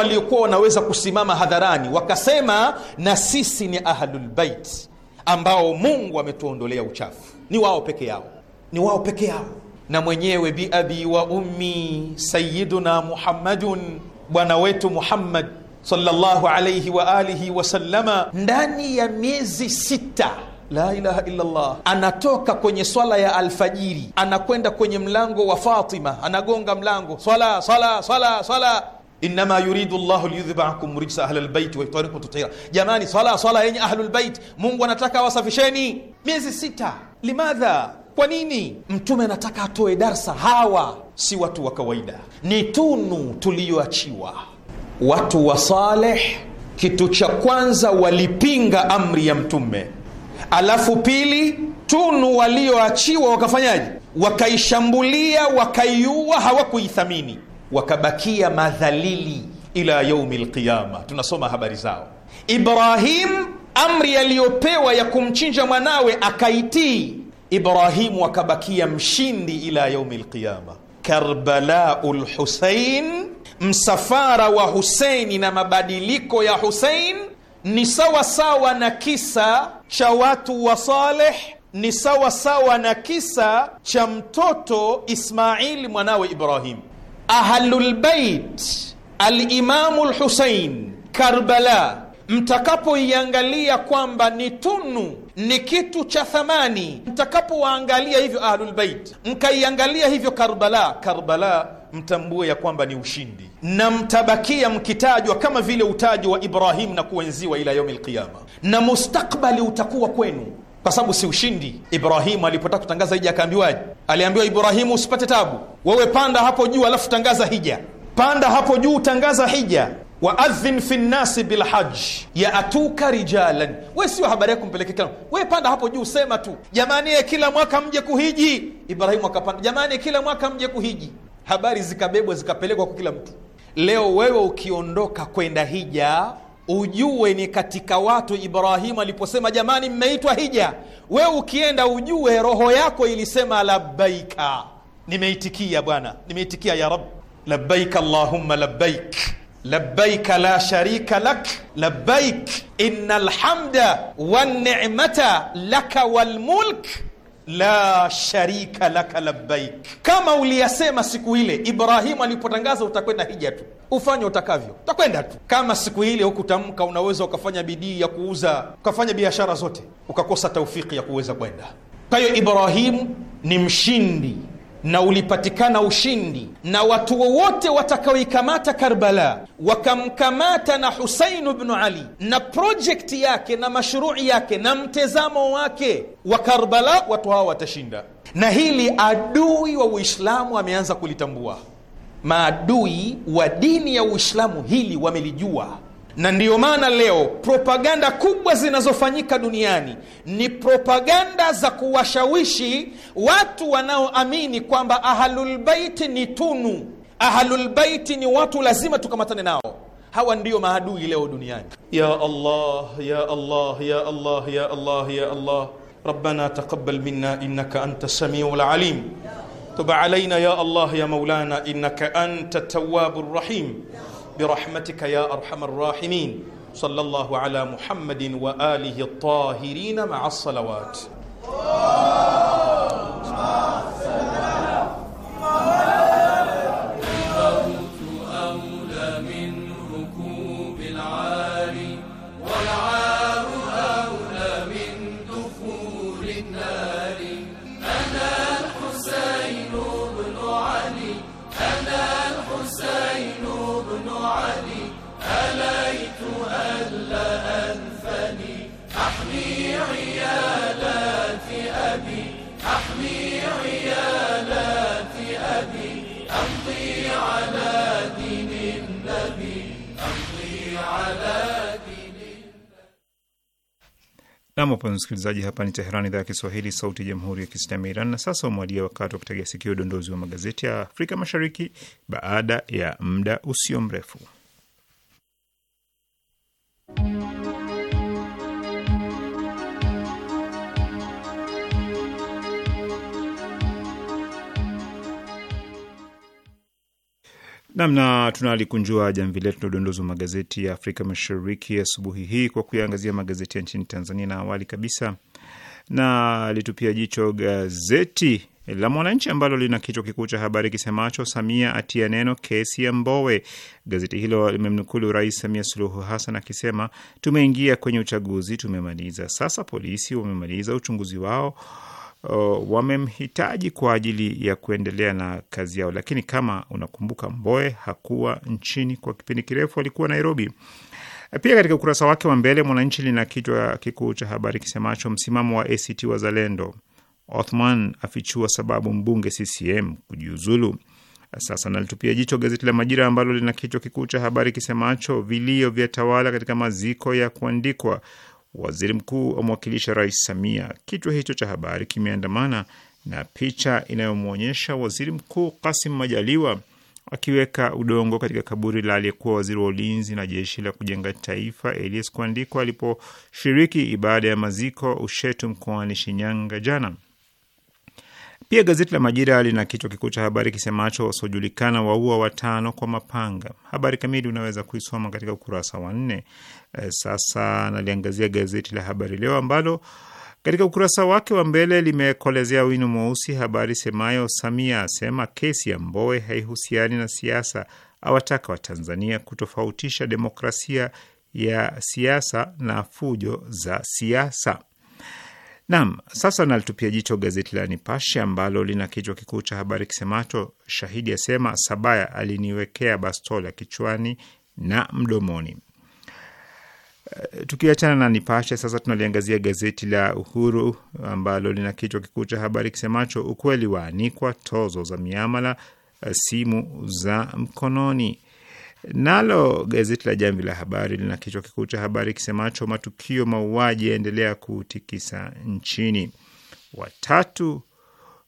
waliokuwa wanaweza kusimama hadharani wakasema, na sisi ni ahlulbait ambao Mungu ametuondolea uchafu, ni wao peke yao, ni wao peke yao. Na mwenyewe biabi wa ummi sayiduna Muhammadun, bwana wetu Muhammad sallallahu alayhi wa alihi wasallama, ndani ya miezi sita la ilaha illallah, anatoka kwenye swala ya alfajiri, anakwenda kwenye mlango wa Fatima, anagonga mlango, swala swala swala swala inma yuridu llah liyudhhiba ankum rijsa ahlil bait wa tathira. Jamani, swala swala yenye ahlul Mungu anataka awasafisheni Miezi sita, limadha? Kwa nini? Mtume anataka atoe darsa. Hawa si watu wa kawaida, ni tunu tuliyoachiwa. Watu wa Saleh, kitu cha kwanza walipinga amri ya Mtume, alafu pili, tunu walioachiwa wakafanyaje? Wakaishambulia, wakaiua, hawakuithamini wakabakia madhalili ila yaumi lqiama. Tunasoma habari zao. Ibrahim, amri aliyopewa ya kumchinja mwanawe akaitii. Ibrahimu akabakia mshindi ila yaumi lqiama. Karbalau lhusein, msafara wa Huseini na mabadiliko ya Husein ni sawasawa na kisa cha watu wa Saleh, ni sawasawa na kisa cha mtoto Ismaili mwanawe Ibrahimu. Ahlulbait Alimamu Lhusein Karbala, mtakapoiangalia kwamba ni tunu ni kitu cha thamani, mtakapowaangalia hivyo Ahlulbait mkaiangalia hivyo Karbala, Karbala mtambue ya kwamba ni ushindi, na mtabakia mkitajwa kama vile utajwa wa ibrahim na kuenziwa ila yaumi lqiama na mustakbali utakuwa kwenu kwa sababu si ushindi. Ibrahimu alipotaka kutangaza hija akaambiwaje? Aliambiwa, Ibrahimu, usipate tabu, wewe panda hapo juu, alafu tangaza hija. Panda hapo juu, tangaza hija waadhin fi nnasi bilhaji yaatuka rijalan. We sio habari yako mpeleke kila, we panda hapo juu, sema tu jamani, kila mwaka mje kuhiji. Ibrahimu akapanda, jamani, kila mwaka mje kuhiji. Habari zikabebwa zikapelekwa kwa kila mtu. Leo wewe ukiondoka kwenda hija ujue ni katika watu Ibrahimu aliposema jamani, mmeitwa hija. We ukienda ujue roho yako ilisema labbaika, nimeitikia Bwana, nimeitikia ya Rab, labbaik allahumma labbaik labbaika la sharika lak labbaik inna lhamda wannicmata laka walmulk la sharika laka labbaik. Kama uliyasema siku ile Ibrahimu alipotangaza utakwenda hija tu ufanye utakavyo, utakwenda tu. Kama siku ile hukutamka, unaweza ukafanya bidii ya kuuza, ukafanya biashara zote, ukakosa taufiki ya kuweza kwenda. Kwa hiyo Ibrahimu ni mshindi na ulipatikana ushindi, na watu wowote watakaoikamata Karbala wakamkamata na Husainu bnu Ali na projekti yake na mashrui yake na mtazamo wake wa Karbala, watu hawa watashinda. Na hili adui wa Uislamu ameanza kulitambua maadui wa dini ya Uislamu hili wamelijua, na ndiyo maana leo propaganda kubwa zinazofanyika duniani ni propaganda za kuwashawishi watu wanaoamini kwamba ahlulbaiti ni tunu, ahlulbaiti ni watu lazima tukamatane nao. Hawa ndiyo maadui leo duniani. Ya Allah, ya Allah, ya Allah, ya Allah, ya Allah, rabbana taqabbal minna innaka anta samiul lalim تب علينا يا الله يا مولانا إنك أنت التواب الرحيم برحمتك يا أرحم الراحمين صلى الله على محمد وآله الطاهرين مع الصلوات wapenzi msikilizaji, hapa ni teheran idhaa ya Kiswahili, sauti ya jamhuri ya kiislamu ya Iran. Na sasa umewadia wakati wa kutegea sikio udondozi wa magazeti ya Afrika Mashariki baada ya muda usio mrefu. Namna tunalikunjua jamvi letu na udondozi wa magazeti ya Afrika Mashariki asubuhi hii kwa kuyaangazia magazeti ya nchini Tanzania, na awali kabisa na litupia jicho gazeti la Mwananchi ambalo lina kichwa kikuu cha habari kisemacho Samia atia neno kesi ya Mbowe. Gazeti hilo limemnukulu Rais Samia Suluhu Hassan akisema, tumeingia kwenye uchaguzi tumemaliza, sasa polisi wamemaliza uchunguzi wao uh, wamemhitaji kwa ajili ya kuendelea na kazi yao. Lakini kama unakumbuka, Mboe hakuwa nchini kwa kipindi kirefu, alikuwa Nairobi. Pia katika ukurasa wake wa mbele Mwananchi lina kichwa kikuu cha habari kisemacho msimamo wa ACT Wazalendo, Othman afichua sababu mbunge CCM kujiuzulu. Sasa nalitupia jicho gazeti la Majira ambalo lina kichwa kikuu cha habari kisemacho vilio vya tawala katika maziko ya kuandikwa waziri mkuu amwakilisha Rais Samia. Kichwa hicho cha habari kimeandamana na picha inayomwonyesha waziri mkuu Kasim Majaliwa akiweka udongo katika kaburi la aliyekuwa waziri wa ulinzi na jeshi la kujenga taifa Elias Kuandikwa aliposhiriki ibada ya maziko Ushetu mkoani Shinyanga jana. Pia gazeti la Majira lina kichwa kikuu cha habari kisemacho wasiojulikana waua watano kwa mapanga. Habari kamili unaweza kuisoma katika ukurasa wa nne. E, sasa naliangazia gazeti la Habari Leo ambalo katika ukurasa wake wa mbele limekolezea wino mweusi habari semayo Samia asema kesi ya Mbowe haihusiani na siasa, awataka Watanzania kutofautisha demokrasia ya siasa na fujo za siasa. Naam, sasa nalitupia jicho gazeti la Nipashe ambalo lina kichwa kikuu cha habari kisemacho, shahidi asema Sabaya aliniwekea bastola kichwani na mdomoni. Eh, tukiachana na Nipashe, sasa tunaliangazia gazeti la Uhuru ambalo lina kichwa kikuu cha habari kisemacho, ukweli waanikwa, tozo za miamala, eh, simu za mkononi. Nalo gazeti la Jamvi la Habari lina kichwa kikuu cha habari kisemacho matukio mauaji yaendelea kutikisa nchini, watatu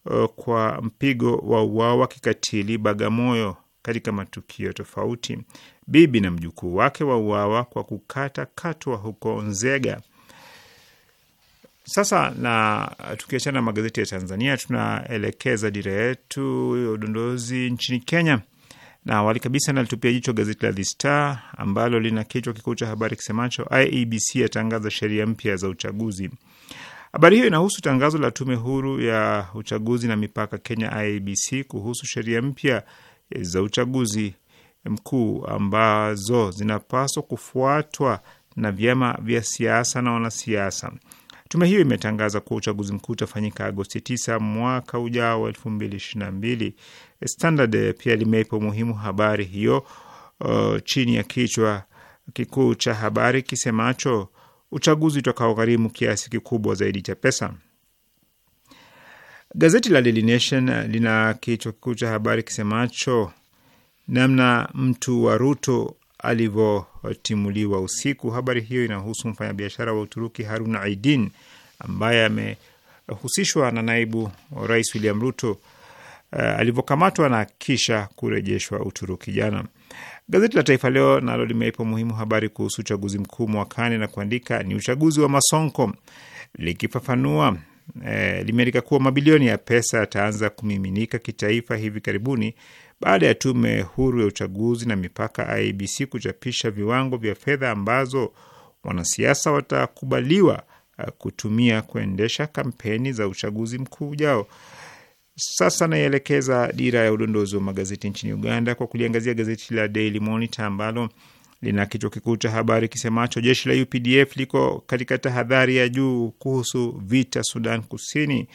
uh, kwa mpigo wa uawa kikatili Bagamoyo katika matukio tofauti, bibi na mjukuu wake wa uawa kwa kukata katwa huko Nzega. Sasa na tukiachana na magazeti ya Tanzania, tunaelekeza dira yetu ya udondozi nchini Kenya na awali kabisa nalitupia jicho gazeti la The Star ambalo lina kichwa kikuu cha habari kisemacho IEBC yatangaza sheria mpya za uchaguzi. Habari hiyo inahusu tangazo la tume huru ya uchaguzi na mipaka Kenya, IEBC, kuhusu sheria mpya za uchaguzi mkuu ambazo zinapaswa kufuatwa na vyama vya siasa na wanasiasa. Tume hiyo imetangaza kuwa uchaguzi mkuu utafanyika Agosti 9 mwaka ujao wa 2022. Standard pia limeipa umuhimu habari hiyo uh, chini ya kichwa kikuu cha habari kisemacho uchaguzi utakaogharimu kiasi kikubwa zaidi cha pesa. Gazeti la Daily Nation lina kichwa kikuu cha habari kisemacho namna mtu wa Ruto alivyotimuliwa usiku. Habari hiyo inahusu mfanyabiashara wa Uturuki Harun Aidin ambaye amehusishwa na naibu rais William Ruto uh, alivyokamatwa na kisha kurejeshwa Uturuki jana. Gazeti la Taifa Leo nalo limeipa muhimu habari kuhusu uchaguzi mkuu mwakani na kuandika ni uchaguzi wa masonko. Likifafanua eh, limeandika kuwa mabilioni ya pesa yataanza kumiminika kitaifa hivi karibuni baada ya tume huru ya uchaguzi na mipaka IBC e kuchapisha viwango vya fedha ambazo wanasiasa watakubaliwa uh, kutumia kuendesha kampeni za uchaguzi mkuu ujao. Sasa naielekeza dira ya udondozi wa magazeti nchini Uganda kwa kuliangazia gazeti la Daily Monitor ambalo lina kichwa kikuu cha habari kisemacho jeshi la UPDF liko katika tahadhari ya juu kuhusu vita Sudan Kusini.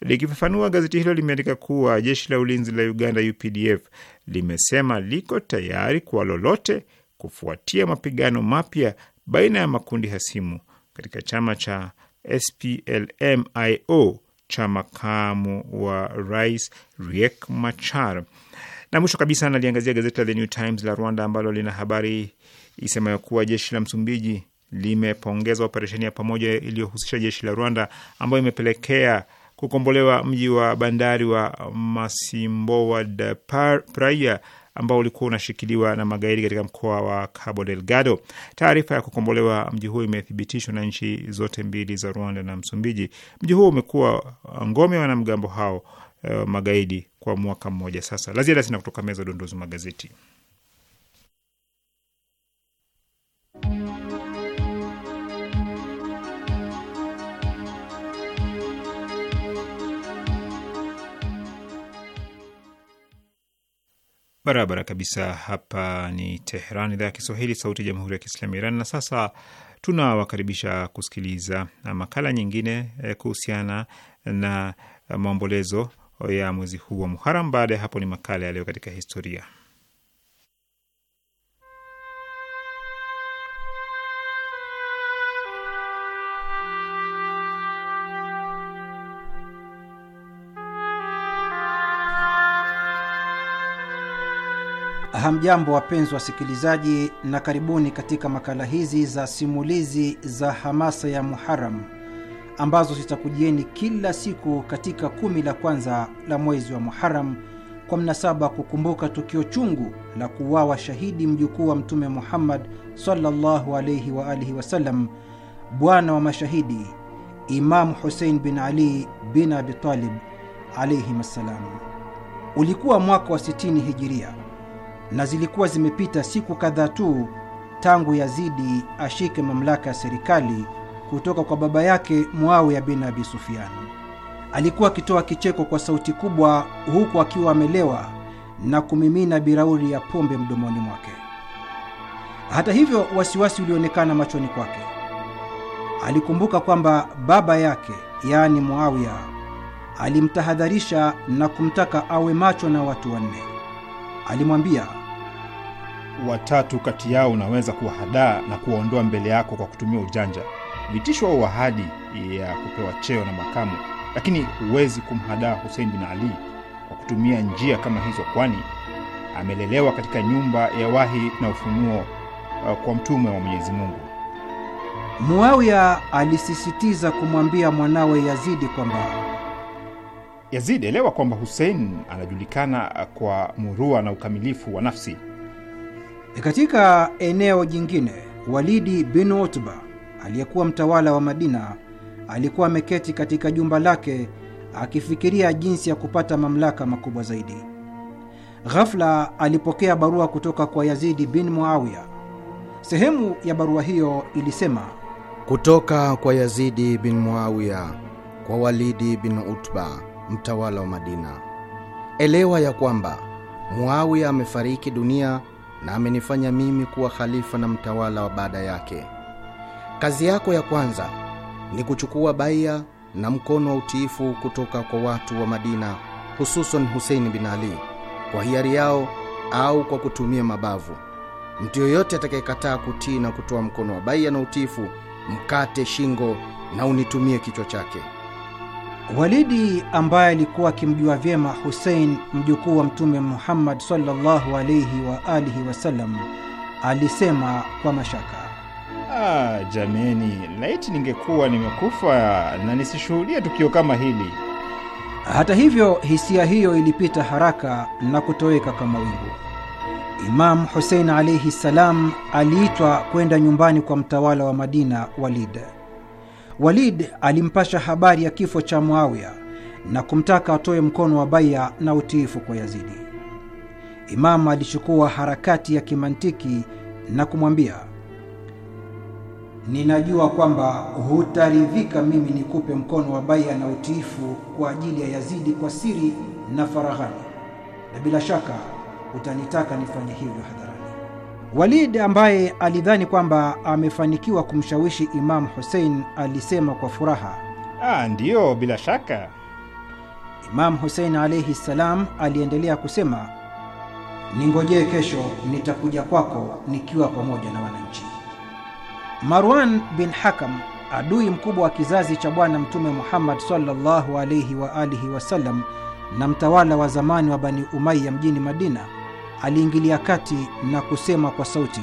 Likifafanua, gazeti hilo limeandika kuwa jeshi la ulinzi la Uganda UPDF limesema liko tayari kwa lolote kufuatia mapigano mapya baina ya makundi hasimu katika chama cha splmio cha makamu wa rais Riek Machar. Na mwisho kabisa naliangazia gazeti la The New Times la Rwanda ambalo lina habari isemayo kuwa jeshi la Msumbiji limepongeza operesheni ya pamoja iliyohusisha jeshi la Rwanda ambayo imepelekea kukombolewa mji wa bandari wa Masimboa da Praia ambao ulikuwa unashikiliwa na magaidi katika mkoa wa Cabo Delgado. Taarifa ya kukombolewa mji huo imethibitishwa na nchi zote mbili za Rwanda na Msumbiji. Mji huo umekuwa ngome ya wanamgambo hao Eh, magaidi kwa mwaka mmoja sasa. La ziada sina kutoka meza dondozi magazeti. Barabara kabisa. Hapa ni Teheran, idhaa ya Kiswahili, sauti ya jamhuri ya kiislamu Iran. Na sasa tunawakaribisha kusikiliza makala nyingine eh, kuhusiana na maombolezo ya mwezi huu wa Muharam. Baada ya hapo ni makala yaliyo katika historia. Hamjambo, wapenzi wasikilizaji, na karibuni katika makala hizi za simulizi za hamasa ya Muharam ambazo zitakujieni kila siku katika kumi la kwanza la mwezi wa Muharam kwa mnasaba kukumbuka tukio chungu la kuuawa shahidi mjukuu wa Mtume Muhammad sallallahu alaihi wa alihi wasallam, bwana wa mashahidi Imamu Husein bin Ali bin abitalib alaihim assalam. Ulikuwa mwaka wa 60 hijiria na zilikuwa zimepita siku kadhaa tu tangu Yazidi ashike mamlaka ya serikali kutoka kwa baba yake Muawiya bin Abi Sufyan. Alikuwa akitoa kicheko kwa sauti kubwa, huku akiwa amelewa na kumimina birauri ya pombe mdomoni mwake. Hata hivyo, wasiwasi ulionekana machoni kwake. Alikumbuka kwamba baba yake, yaani Muawiya, alimtahadharisha na kumtaka awe macho na watu wanne. Alimwambia, watatu kati yao unaweza kuwahadaa na kuwaondoa mbele yako kwa kutumia ujanja vitisho au ahadi ya kupewa cheo na makamu, lakini huwezi kumhadaa husein bin Ali kwa kutumia njia kama hizo, kwani amelelewa katika nyumba ya wahi na ufunuo uh, kwa mtume wa Mwenyezi Mungu. Muawiya alisisitiza kumwambia mwanawe Yazidi kwamba Yazidi, elewa kwamba husein anajulikana uh, kwa murua na ukamilifu wa nafsi. Katika eneo jingine, Walidi bin Utba aliyekuwa mtawala wa Madina, alikuwa ameketi katika jumba lake akifikiria jinsi ya kupata mamlaka makubwa zaidi. Ghafla alipokea barua kutoka kwa Yazidi bin Muawiya. Sehemu ya barua hiyo ilisema: kutoka kwa Yazidi bin Muawiya kwa Walidi bin Utba, mtawala wa Madina, elewa ya kwamba Muawiya amefariki dunia na amenifanya mimi kuwa khalifa na mtawala wa baada yake. Kazi yako ya kwanza ni kuchukua baia na mkono wa utiifu kutoka kwa watu wa Madina, hususan Huseini bin Ali, kwa hiari yao au kwa kutumia mabavu. Mtu yoyote atakayekataa kutii na kutoa mkono wa baia na utiifu, mkate shingo na unitumie kichwa chake. Walidi ambaye alikuwa akimjua vyema Husein, mjukuu wa Mtume Muhammad sallahu alaihi waalihi wasalam alisema kwa mashaka Ah, jameni, laiti ningekuwa nimekufa na nisishuhudia tukio kama hili. Hata hivyo, hisia hiyo ilipita haraka na kutoweka kama wingu. Imamu Husein alaihi ssalam aliitwa kwenda nyumbani kwa mtawala wa Madina, Walid. Walid alimpasha habari ya kifo cha Muawiya na kumtaka atoe mkono wa baiya na utiifu kwa Yazidi. Imamu alichukua harakati ya kimantiki na kumwambia ninajua kwamba hutaridhika mimi nikupe mkono wa bai'a na utiifu kwa ajili ya Yazidi kwa siri na faraghani, na bila shaka utanitaka nifanye hivyo hadharani. Walid ambaye alidhani kwamba amefanikiwa kumshawishi Imamu Hussein alisema kwa furaha, ah, ndiyo, bila shaka. Imamu Hussein alayhi salam aliendelea kusema, ningojee kesho, nitakuja kwako nikiwa pamoja na wananchi. Marwan bin Hakam, adui mkubwa wa kizazi cha Bwana Mtume Muhammad sallallahu alaihi wa alihi wasallam na mtawala wa zamani wa Bani Umaya mjini Madina, aliingilia kati na kusema kwa sauti,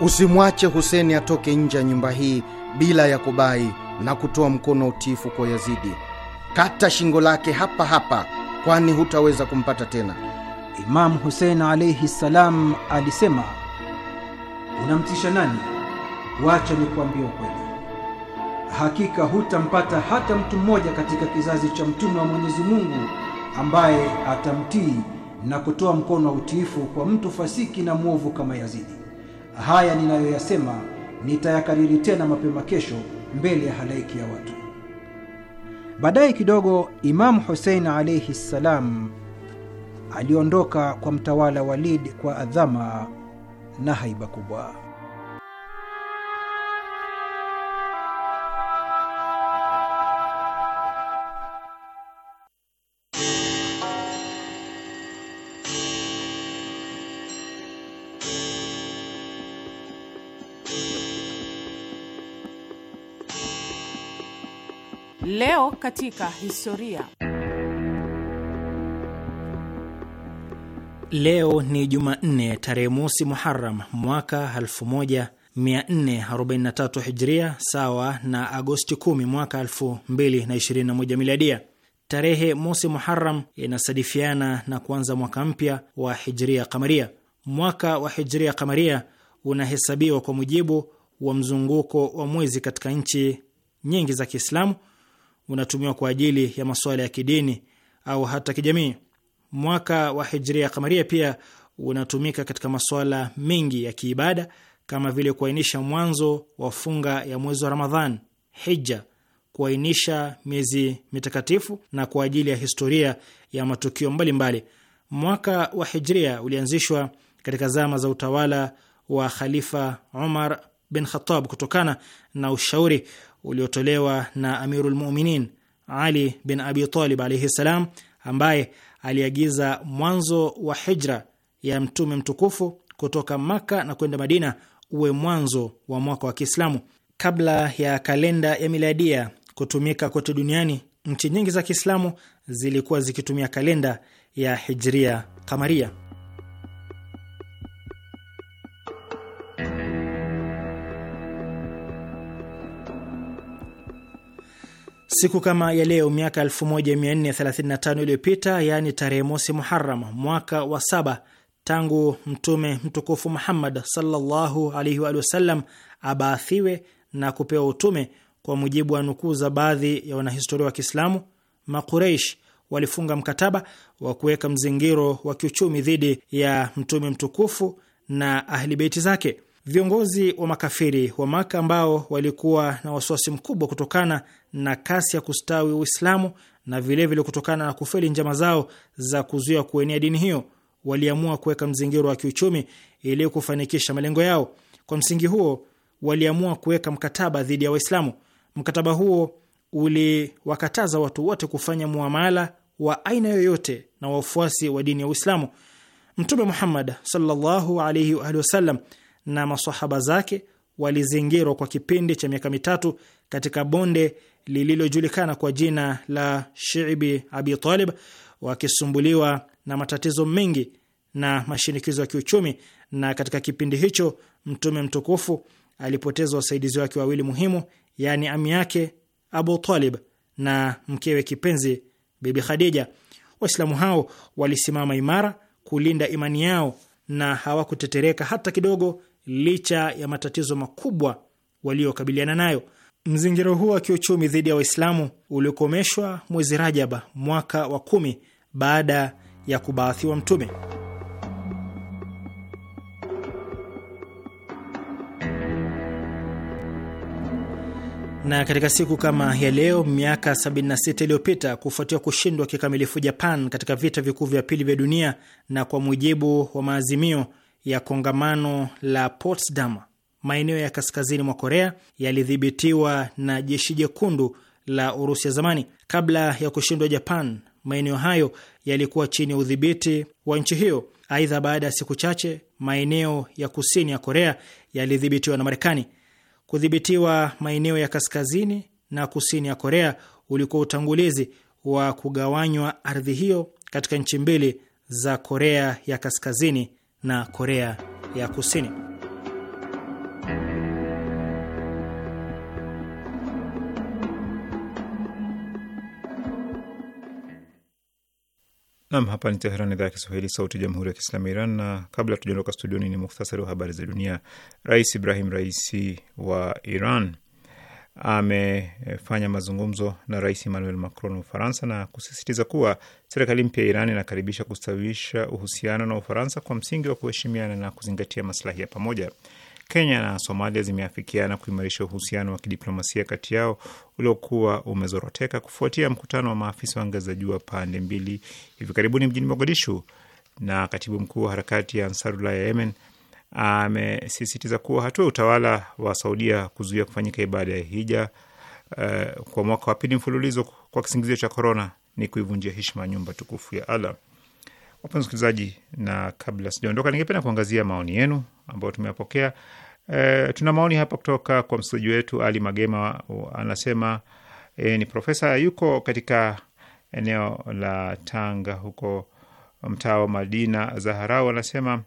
usimwache Huseni atoke nje ya nyumba hii bila ya kubai na kutoa mkono utifu utiifu kwa Yazidi. Kata shingo lake hapa hapa, kwani hutaweza kumpata tena. Imamu Husein alaihi ssalam alisema, unamtisha nani? Wacha ni kuambia ukweli, hakika hutampata hata mtu mmoja katika kizazi cha mtume wa Mwenyezi Mungu ambaye atamtii na kutoa mkono wa utiifu kwa mtu fasiki na mwovu kama Yazidi. Haya ninayoyasema nitayakariri tena mapema kesho mbele ya halaiki ya watu. Baadaye kidogo, Imamu Husein alaihi ssalam aliondoka kwa mtawala Walid kwa adhama na haiba kubwa. Leo katika historia. Leo ni Jumanne tarehe mosi Muharam mwaka 1443 Hijria, sawa na Agosti 10 mwaka 2021 Miladia. Tarehe mosi Muharam inasadifiana na kuanza mwaka mpya wa Hijria Kamaria. Mwaka wa Hijria Kamaria unahesabiwa kwa mujibu wa mzunguko wa mwezi katika nchi nyingi za Kiislamu unatumiwa kwa ajili ya masuala ya kidini au hata kijamii. Mwaka wa hijria kamaria pia unatumika katika masuala mengi ya kiibada kama vile kuainisha mwanzo wa funga ya mwezi wa Ramadhan, hija, kuainisha miezi mitakatifu na kwa ajili ya historia ya matukio mbalimbali mbali. Mwaka wa hijria ulianzishwa katika zama za utawala wa Khalifa Umar bin Khattab kutokana na ushauri uliotolewa na Amirul Muminin Ali bin Abi Talib alaihi ssalam, ambaye aliagiza mwanzo wa hijra ya mtume mtukufu kutoka Makka na kwenda Madina uwe mwanzo wa mwaka wa Kiislamu. Kabla ya kalenda ya miladia kutumika kote duniani, nchi nyingi za Kiislamu zilikuwa zikitumia kalenda ya hijria kamaria. Siku kama ya leo miaka 1435 iliyopita, yaani tarehe mosi Muharam mwaka wa saba tangu Mtume mtukufu Muhammad sallallahu alaihi wa sallam abaathiwe na kupewa utume, kwa mujibu wa nukuu za baadhi ya wanahistoria wa Kiislamu, Makureish walifunga mkataba wa kuweka mzingiro wa kiuchumi dhidi ya mtume mtukufu na ahli beiti zake. Viongozi wa makafiri wa Maka ambao walikuwa na wasiwasi mkubwa kutokana na kasi ya kustawi Uislamu na vilevile vile kutokana na kufeli njama zao za kuzuia kuenea dini hiyo, waliamua kuweka mzingiro wa kiuchumi ili kufanikisha malengo yao. Kwa msingi huo, waliamua kuweka mkataba dhidi ya Waislamu. Mkataba huo uliwakataza watu wote kufanya muamala wa aina yoyote na wafuasi wa dini ya Uislamu. Mtume Muhammad sallallahu alaihi wa alihi wasallam na masahaba zake walizingirwa kwa kipindi cha miaka mitatu katika bonde lililojulikana kwa jina la Shiibi Abi Talib, wakisumbuliwa na matatizo mengi na mashinikizo ya kiuchumi. Na katika kipindi hicho Mtume mtukufu alipoteza wasaidizi wake wawili muhimu, yaani ami yake Abu Talib na mkewe kipenzi Bibi Khadija. Waislamu hao walisimama imara kulinda imani yao na hawakutetereka hata kidogo licha ya matatizo makubwa waliokabiliana nayo. Mzingiro huo wa kiuchumi dhidi ya Waislamu uliokomeshwa mwezi Rajaba mwaka wa kumi baada ya kubaathiwa Mtume. Na katika siku kama ya leo miaka 76 iliyopita, kufuatia kushindwa kikamilifu Japan katika vita vikuu vya pili vya dunia na kwa mujibu wa maazimio ya kongamano la Potsdam, maeneo ya kaskazini mwa Korea yalidhibitiwa na jeshi jekundu la Urusi ya zamani. Kabla ya kushindwa Japan, maeneo hayo yalikuwa chini ya udhibiti wa nchi hiyo. Aidha, baada ya siku chache, maeneo ya kusini ya Korea yalidhibitiwa na Marekani. Kudhibitiwa maeneo ya kaskazini na kusini ya Korea ulikuwa utangulizi wa kugawanywa ardhi hiyo katika nchi mbili za Korea ya kaskazini na Korea ya Kusini. Nam, hapa ni Teheran, idhaa ya Kiswahili, sauti ya jamhuri ya kiislamu ya Iran. Na kabla tujaondoka studioni, ni muhtasari wa habari za dunia. Rais Ibrahim Raisi wa Iran amefanya mazungumzo na rais Emmanuel Macron wa Ufaransa na kusisitiza kuwa serikali mpya ya Iran inakaribisha kustawisha uhusiano na Ufaransa kwa msingi wa kuheshimiana na kuzingatia maslahi ya pamoja. Kenya na Somalia zimeafikiana kuimarisha uhusiano wa kidiplomasia kati yao uliokuwa umezoroteka kufuatia mkutano wa maafisa wa ngazi za juu wa pande mbili hivi karibuni mjini Mogadishu. Na katibu mkuu wa harakati ya Ansarullah ya Yemen amesisitiza kuwa hatua ya utawala wa Saudia kuzuia kufanyika ibada ya hija uh, kwa mwaka wa pili mfululizo kwa kisingizio cha korona ni kuivunjia heshima nyumba tukufu ya Allah. Wapenzi wasikilizaji, na kabla sijaondoka, ningependa kuangazia maoni yenu ambayo tumeyapokea. Uh, tuna maoni hapa kutoka kwa msikilizaji wetu Ali Magema, uh, anasema E, ni profesa yuko katika eneo la Tanga huko mtaa wa Madina Zaharau, anasema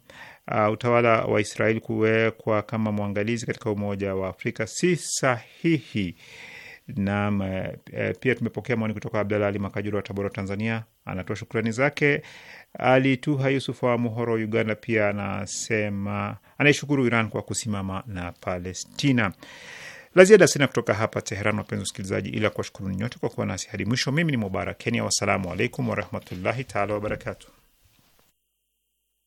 uh, utawala wa Israeli kuwekwa kama mwangalizi katika Umoja wa Afrika si sahihi. Na uh, eh, eh, pia tumepokea maoni kutoka Abdalla Ali makajuru wa Tabora, Tanzania, anatoa shukrani zake. Ali Tuha Yusuf wa Muhoro, Uganda, pia anasema anaishukuru Iran kwa kusimama na Palestina. La ziada sina kutoka hapa Teheran, wapenzi wasikilizaji, ila kuwashukuruni nyote kwa kuwa nasi hadi mwisho. Mimi ni Mubarak Kenya, wassalamu alaikum warahmatullahi taala wabarakatu.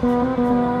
Thank you.